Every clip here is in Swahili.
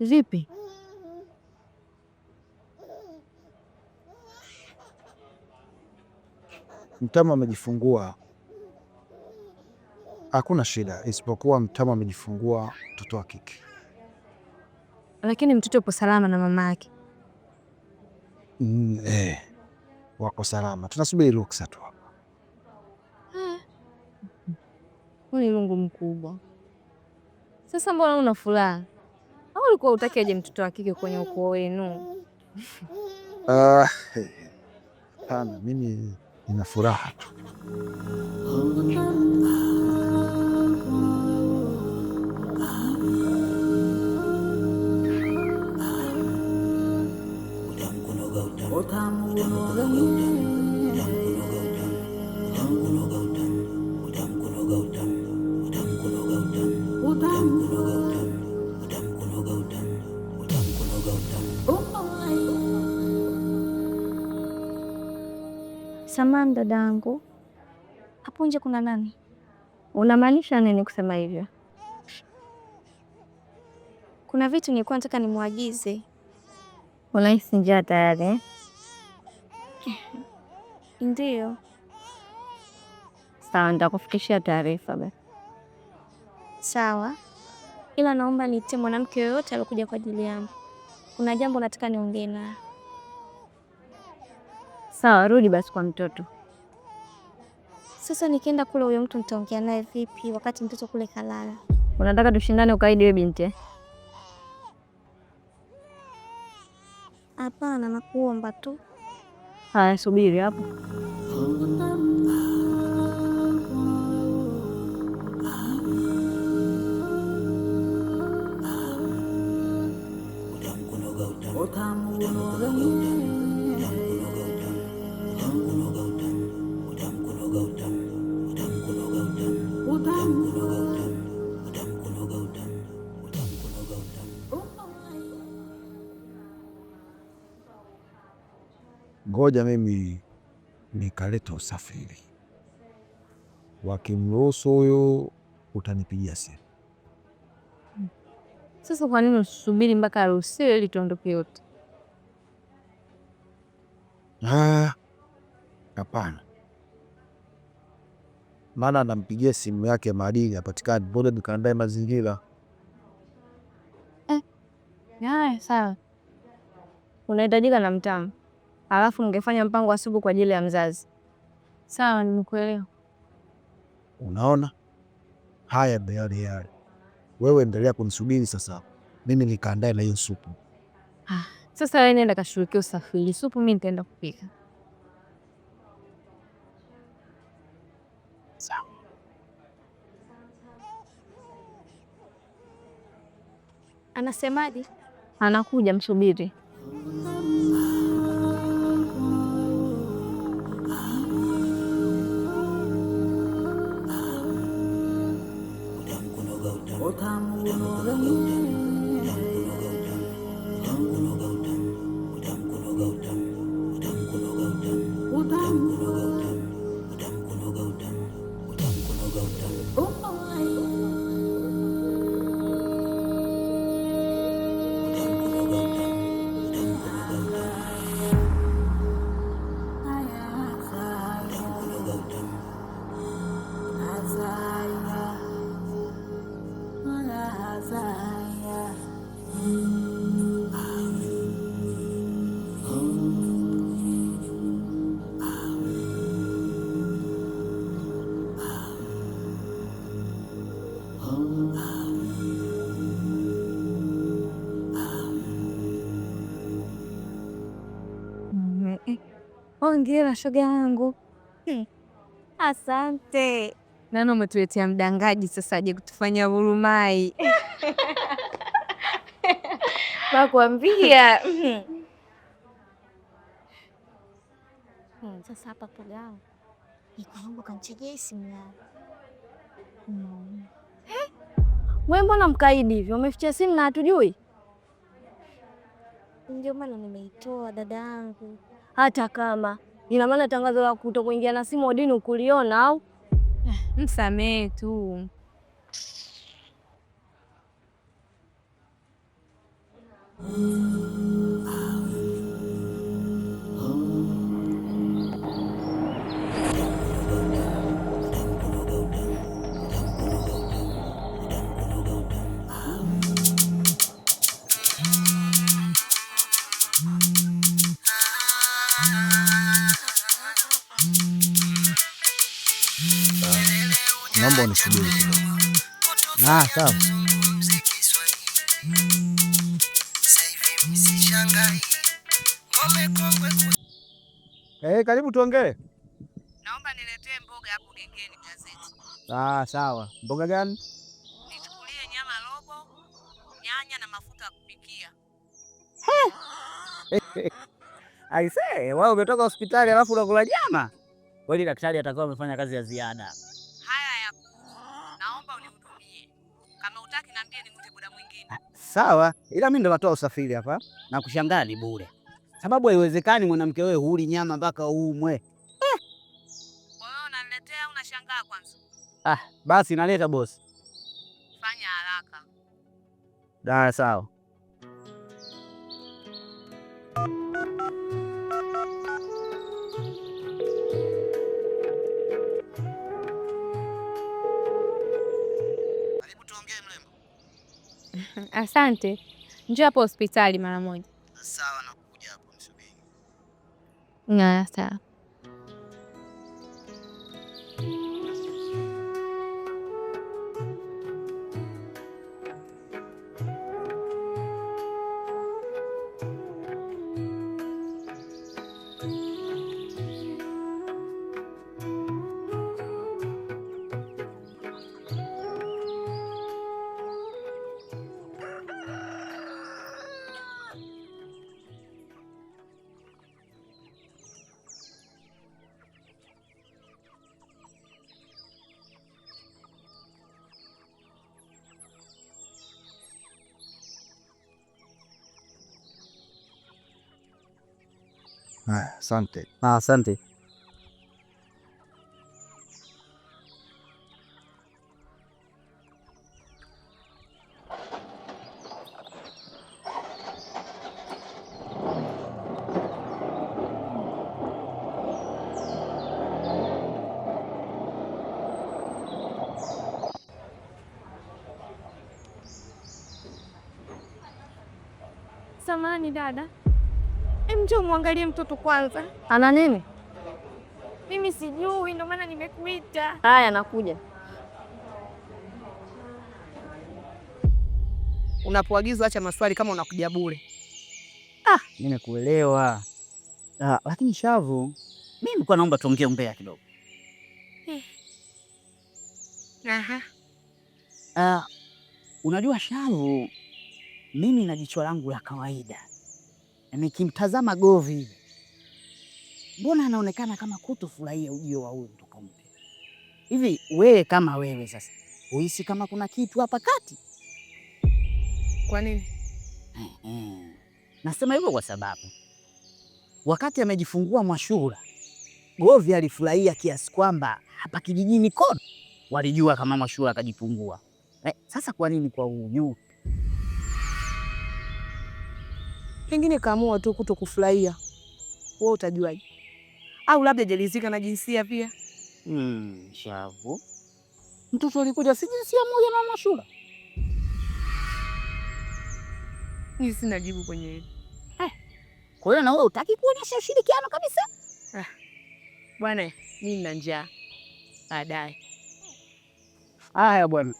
Vipi? Mtama amejifungua, hakuna shida, isipokuwa Mtama amejifungua mtoto wa kike. Lakini mtoto upo salama na mama yake? Mm, eh, wako salama, tunasubiri ruksa tu hapa. Eh. Huu ni Mungu mkubwa. Sasa mbona una furaha? ulikuwa utaki aje mtoto wa kike kwenye ukoo wenu? Ah, eh, hapana, mimi nina furaha tu. Samahani dadangu, hapo nje kuna nani? Unamaanisha nini kusema hivyo? Kuna vitu nilikuwa nataka nimwagize. Unahisi njaa tayari eh? ndio Sawa, nitakufikishia taarifa basi. Sawa, ila naomba niite mwanamke yoyote aliokuja kwa ajili yangu. Kuna jambo nataka niongee naye. Sawa, rudi basi kwa mtoto. Sasa nikienda kule, huyo mtu nitaongea naye vipi wakati mtoto kule kalala? Unataka tushindane ukaidi wewe binti? Eh? Hapana, nakuomba tu. Haya, subiri hapo. ngoja mimi nikaleta usafiri, wakimruhusu huyu utanipigia simu. Sasa kwa nini usubiri mpaka aruhusiwe ili tuondoke yote? Hapana, maana anampigia simu yake maadili apatikani, bora nikaandae mazingira eh, haya. Eh, sawa, unahitajika na mtamu alafu ningefanya mpango wa supu kwa ajili ya mzazi. Sawa, nimekuelewa. Unaona haya ndio yale, wewe endelea kumsubiri sasa, mimi nikaandae na hiyo supu. Ah, sasa wewe nenda kashughulikia usafiri, supu mimi nitaenda kupika. anasemaji Anasemaje? Anakuja, msubiri. Hongera shoga yangu. Hmm. Asante. Nani umetuletea mdangaji sasa aje kutufanya vurumai? Nakwambia. Hmm. Hmm, sasa hapa pogao ikangu kanichegee simu yangu. Eh? Wewe mbona mkaidi hivyo? Umeficha simu na hatujui? Ndio maana nimeitoa dada yangu hata kama ina maana tangazo la kutokuingia na simu odini ukuliona au? Eh, msamehe tu. naomba unisubiri kidogo. Ah, sawa. Mm. Eh, karibu tuongee. Naomba niletee mboga hapo gengeni gazeti. Ah, sawa. Mboga gani? Nichukulie nyama robo, nyanya na mafuta ya kupikia. Aisee, wewe umetoka hospitali alafu unakula nyama? Kweli daktari atakuwa amefanya kazi ya ziada. sawa, ila mi ndo natoa usafiri hapa na kushangaa ni bure, sababu haiwezekani mwanamke wewe huli nyama mpaka uumwe. Kwa hiyo unaniletea, unashangaa kwanza? Ah, basi naleta bosi, fanya haraka. Da, sawa. Asante, njoo hapo hospitali mara moja. Sawa, nakuja hapo, nisubiri. Sawa. Asante. Ah, asante. Samani dada njoo muangalie mtoto kwanza, ana nini? Mimi sijui, ndio maana nimekuita. Haya, nakuja. Unapoagizwa acha maswali kama unakuja bure. Ah, nimekuelewa. Ah, lakini Shavu, mimi nilikuwa naomba tuongee umbea kidogo. Eh. Aha. Ah, unajua Shavu, mimi na jicho langu la kawaida Nikimtazama Govi hivi, mbona anaonekana kama kutofurahia ujio wa huyu mtoto mpya hivi. Wewe kama wewe sasa, uhisi kama kuna kitu hapa kati? Kwa nini eh, eh. nasema hivyo? Kwa sababu wakati amejifungua Mwashura, Govi alifurahia kiasi kwamba hapa kijijini kote walijua kama Mwashura akajifungua. Eh, sasa kwa nini kwa huyu pengine kaamua tu kuto kufurahia, wewe utajuaje? Au labda jalizika na jinsia pia. Mm, shavu mtoto alikuja si jinsia moja na Mashura. Mimi sina jibu kwenye hili. Eh, kwa hiyo na wewe utaki kuonyesha ushirikiano kabisa? Ah. Bwana, mimi nina njaa. Baadaye. Haya bwana.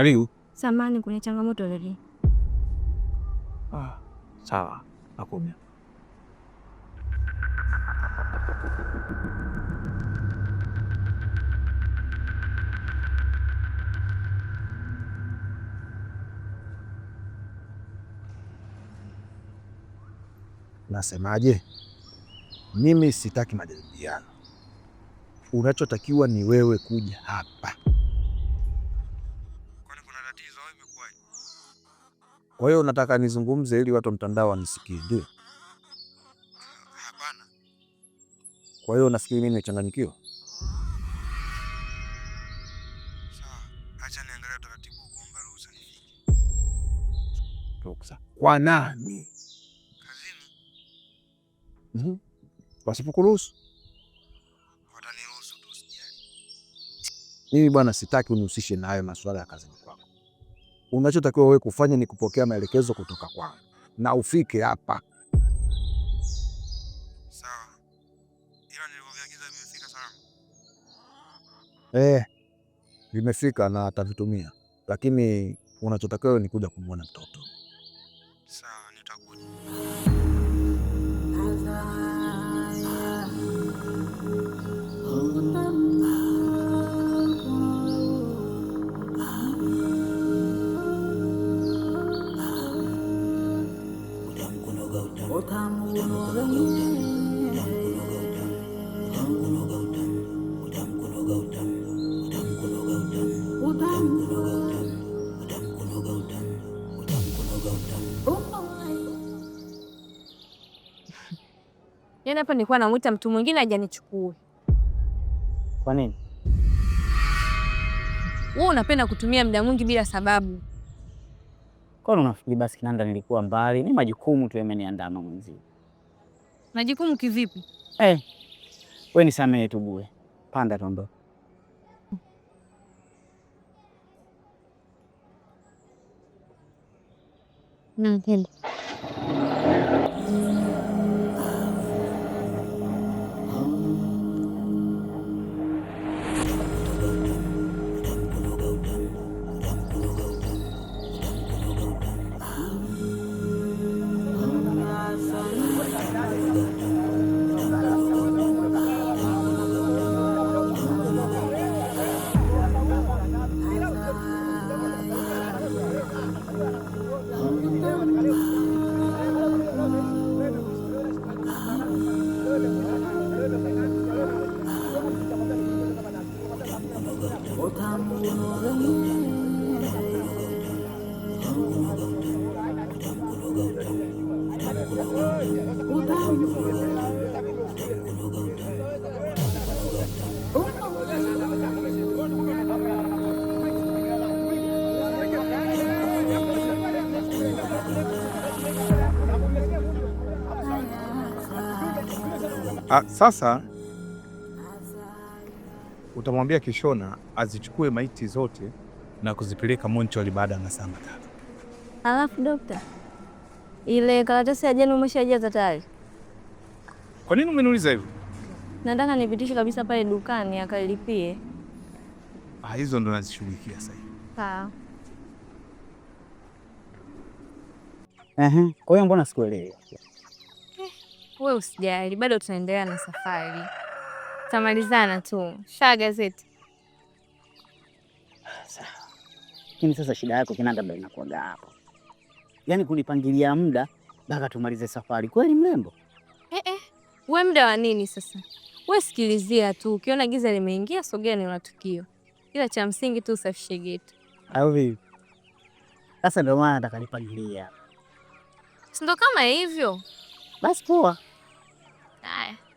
Karibu. Samani, kuna changamoto leo. Ah, sawa. Nakuja. Nasemaje? Mimi sitaki majadiliano. Unachotakiwa ni wewe kuja hapa. Kwa hiyo nataka nizungumze ili watu mtandao wanisikie, ndio. Hapana. Kwa hiyo nafikiri mimi nimechanganyikiwa. Acha niangalie taratibu kuomba ruhusa Kwa nani? Kazini. Mhm. Wasipokuruhusu wataniruhusu tu, sijali. Mimi bwana, sitaki unihusishe na hayo masuala ya kazini. Unachotakiwa wewe kufanya ni kupokea maelekezo kutoka kwangu na ufike hapa. Sawa. Ila vimefika salama. Eh, vimefika na atavitumia, lakini unachotakiwa ni kuja kumwona mtoto. Sawa, nitakuja. Yaani hapa nilikuwa namwita mtu mwingine ajanichukue Kwa nini? Wewe unapenda kutumia muda mwingi bila sababu. Kwa nini unafikiri basi Kinanda nilikuwa mbali? Ni majukumu tu yameniandama mwenzio. Majukumu kivipi? Eh. Hey, wewe nisamehe tu bure. Panda tuondoke. Mm. A, ah, sasa utamwambia Kishona azichukue maiti zote na kuzipeleka monchwari baada ya masaa matatu. Alafu dokta, ile karatasi ya jana umeshajaza tayari? Kwa nini umeniuliza hivyo? Nataka nipitishe kabisa pale dukani akalipie. Ah, hizo ndo nazishughulikia sasa hivi. Sawa. Ehe, kwa hiyo mbona sikuelewi? Wewe usijali, bado tunaendelea na safari, tamalizana tu shaa gazeti. Lakini sasa shida yako Kinanda ndio inakuwaga hapo, yaani kunipangilia muda mpaka tumalize safari kweli mrembo? Eh, eh, we muda wa nini sasa? We sikilizia tu, ukiona giza limeingia sogea ni la ila cha msingi tu usafishe getu, au vipi? Sasa ndio maana nataka nipangilia, kama hivyo? Basi poa. 哎。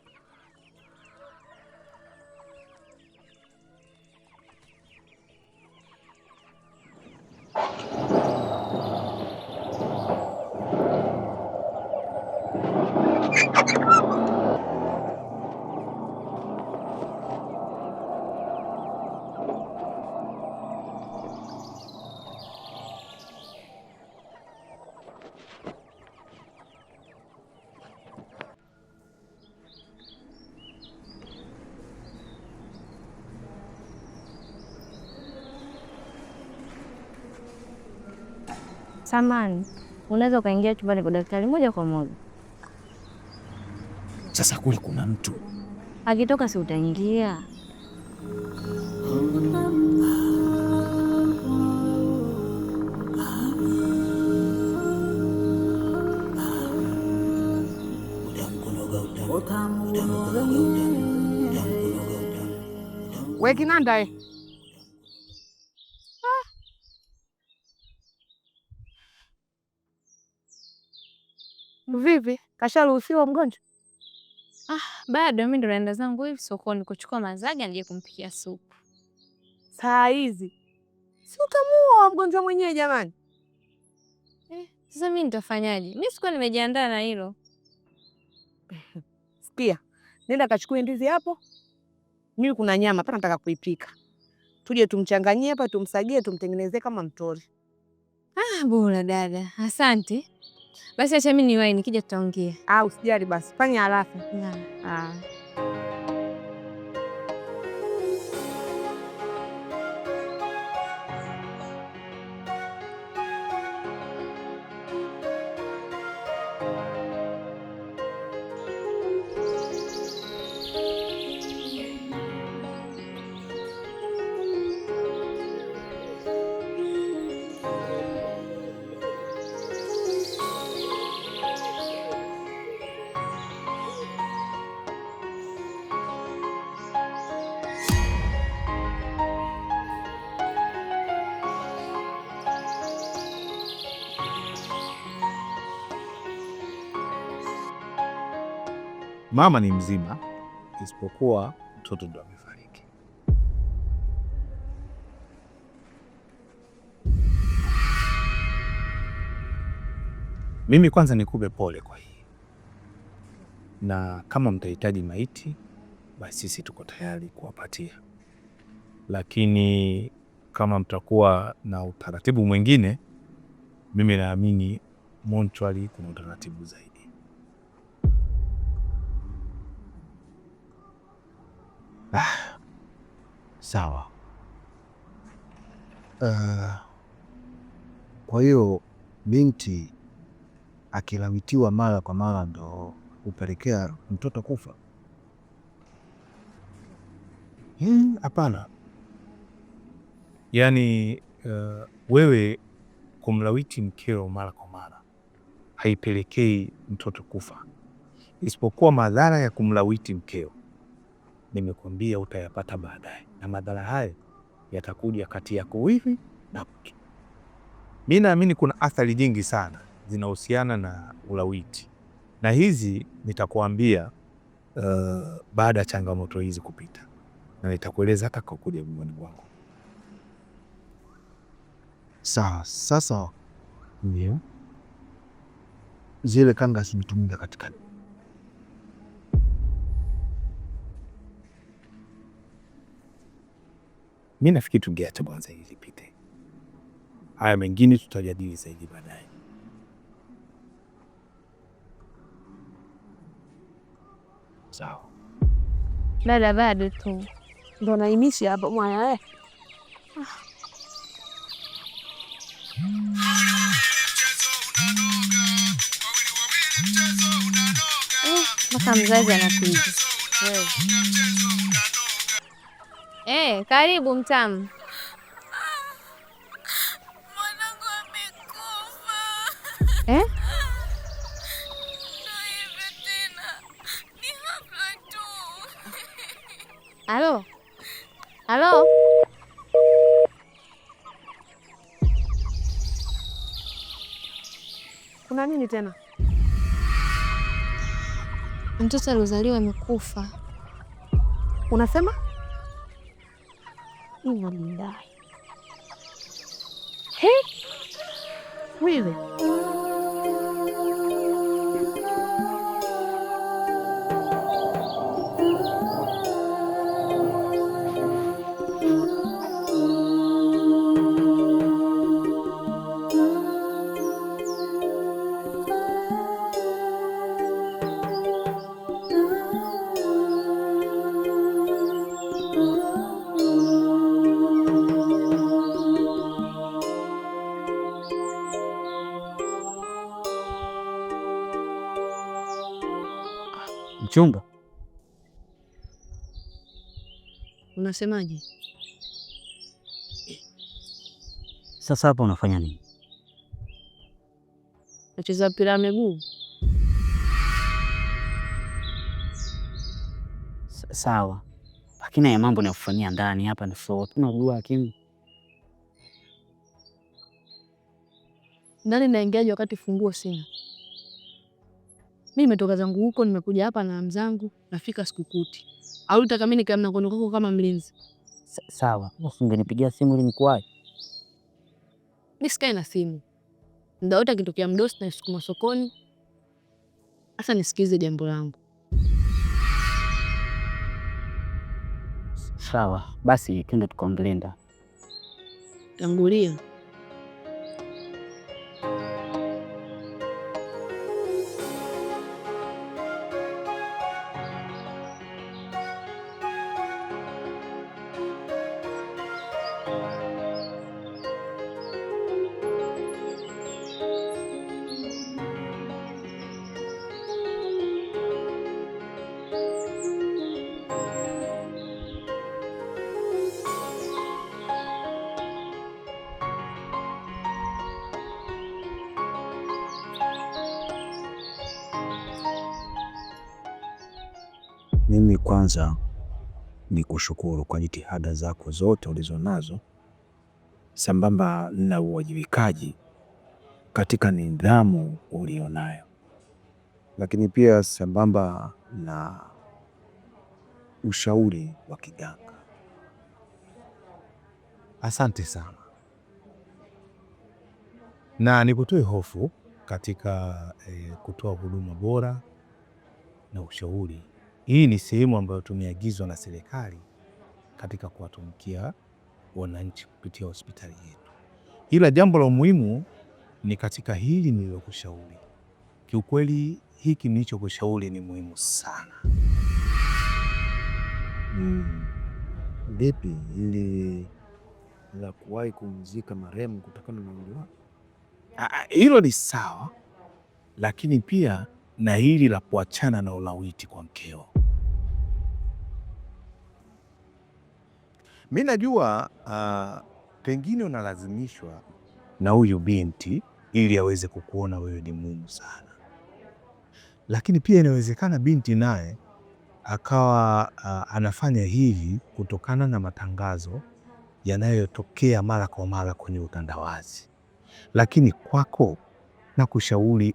samani, unaweza ukaingia chumbani kwa daktari moja kwa moja. Sasa kule kuna mtu akitoka, si utaingia? Wekinanda Usharuhusiwa mgonjwa? Ah, bado mimi ndo naenda zangu hivi sokoni kuchukua mazaga nije kumpikia supu. Saa hizi si utamuua mgonjwa mwenyewe jamani. Eh, sasa mimi nitafanyaje? Mimi sikuwa nimejiandaa na hilo. Sikia, nenda kachukue ndizi hapo. Mimi kuna nyama hapa nataka kuipika. Tuje tumchanganyie hapa, tumsagie, tumtengenezee kama mtori. Ah, bora dada, asante. Basi acha mimi niwahi, nikija tutaongea. Ah, usijali basi, fanya haraka. Ah. Mama ni mzima isipokuwa mtoto ndo amefariki. Mimi kwanza nikupe pole kwa hii, na kama mtahitaji maiti basi sisi tuko tayari kuwapatia, lakini kama mtakuwa na utaratibu mwingine, mimi naamini montwali kuna utaratibu zaidi. Ah, sawa. Uh, kwa hiyo binti akilawitiwa mara kwa mara ndo hupelekea mtoto kufa? Hmm, hapana. Hmm, yaani uh, wewe kumlawiti mkeo mara kwa mara haipelekei mtoto kufa, isipokuwa madhara ya kumlawiti mkeo nimekuambia utayapata baadaye, na madhara hayo yatakuja kati yako hivi na mke. Mi naamini kuna athari nyingi sana zinahusiana na ulawiti, na hizi nitakuambia uh, baada ya changamoto hizi kupita, na nitakueleza hata kwa kuja nyumbani Sawa, sasa ndio zile kanga zimetumika katika Mi nafikiri tungeacha kwanza hili lipite, haya mengine tutajadili zaidi baadaye. Sawa dada, bado tu ndo naimisha hapo mwana eh. eh. Mpaka mzazi anakuja Eh, karibu mtamu. Mwanangu amekufa. Eh? Halo? Halo? Kuna nini tena? Mtoto aliozaliwa amekufa. Unasema? inna lillahi. Hey, wewe chumba. Unasemaje? Sasa hapa unafanya nini? Nacheza mpira miguu. Sawa, lakini haya mambo nakufanyia ndani hapa ni floor. Tunajua lakini ndani naingiaje wakati funguo sina? mimi nimetoka zangu huko nimekuja hapa na mzangu, nafika sikukuti. Au nataka mimi nikae mlangoni kwako kama mlinzi? Sawa, usingenipigia simu ili nikuwahi. Nisikae na simu muda wote, akitokea mdosi na sokoni. Sasa nisikize jambo langu. Sawa basi, twende tukamlinda. Tangulia. kwanza ni kushukuru kwa jitihada zako zote ulizonazo sambamba na uwajibikaji katika nidhamu ulionayo, lakini pia sambamba na ushauri wa kiganga. Asante sana, na nikutoe hofu katika eh, kutoa huduma bora na ushauri hii ni sehemu ambayo tumeagizwa na serikali katika kuwatumikia wananchi kupitia hospitali yetu, ila jambo la muhimu ni katika hili nililokushauri. Kiukweli hiki nilichokushauri ni muhimu sana. Vipi hmm, ili la kuwahi kumzika marehemu kutokana na umri wake, ah, ah, hilo ni sawa, lakini pia na hili la kuachana na ulawiti kwa mkeo Mi najua uh, pengine unalazimishwa na huyu binti ili aweze kukuona wewe ni muhimu sana, lakini pia inawezekana binti naye akawa uh, anafanya hivi kutokana na matangazo yanayotokea mara kwa mara kwenye utandawazi. Lakini kwako nakushauri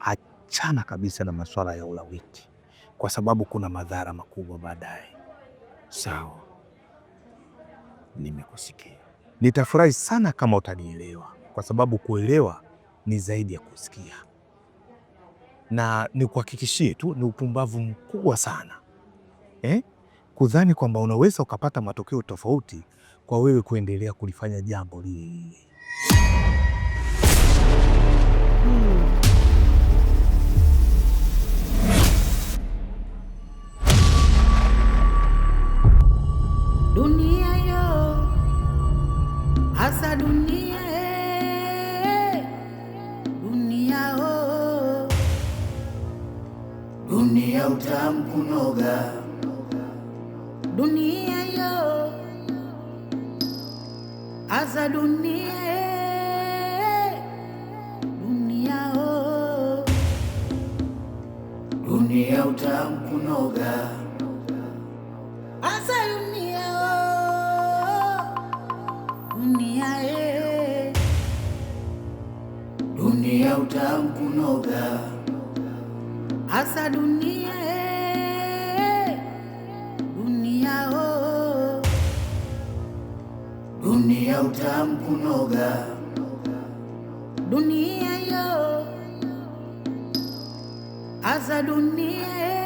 achana kabisa na masuala ya ulawiti, kwa sababu kuna madhara makubwa baadaye. Sawa nimekusikia. Nitafurahi sana kama utanielewa, kwa sababu kuelewa ni zaidi ya kusikia, na nikuhakikishie tu ni upumbavu mkubwa sana eh? Kudhani kwamba unaweza ukapata matokeo tofauti kwa wewe kuendelea kulifanya jambo lile. lile. Hmm. Dunia sasa dunia dunia oh, dunia utamkunoga dunia yo aza dunia eh, dunia oh, dunia utamkunoga kunoga hasa dunia dunia oh, dunia utamu kunoga dunia yo hasa dunia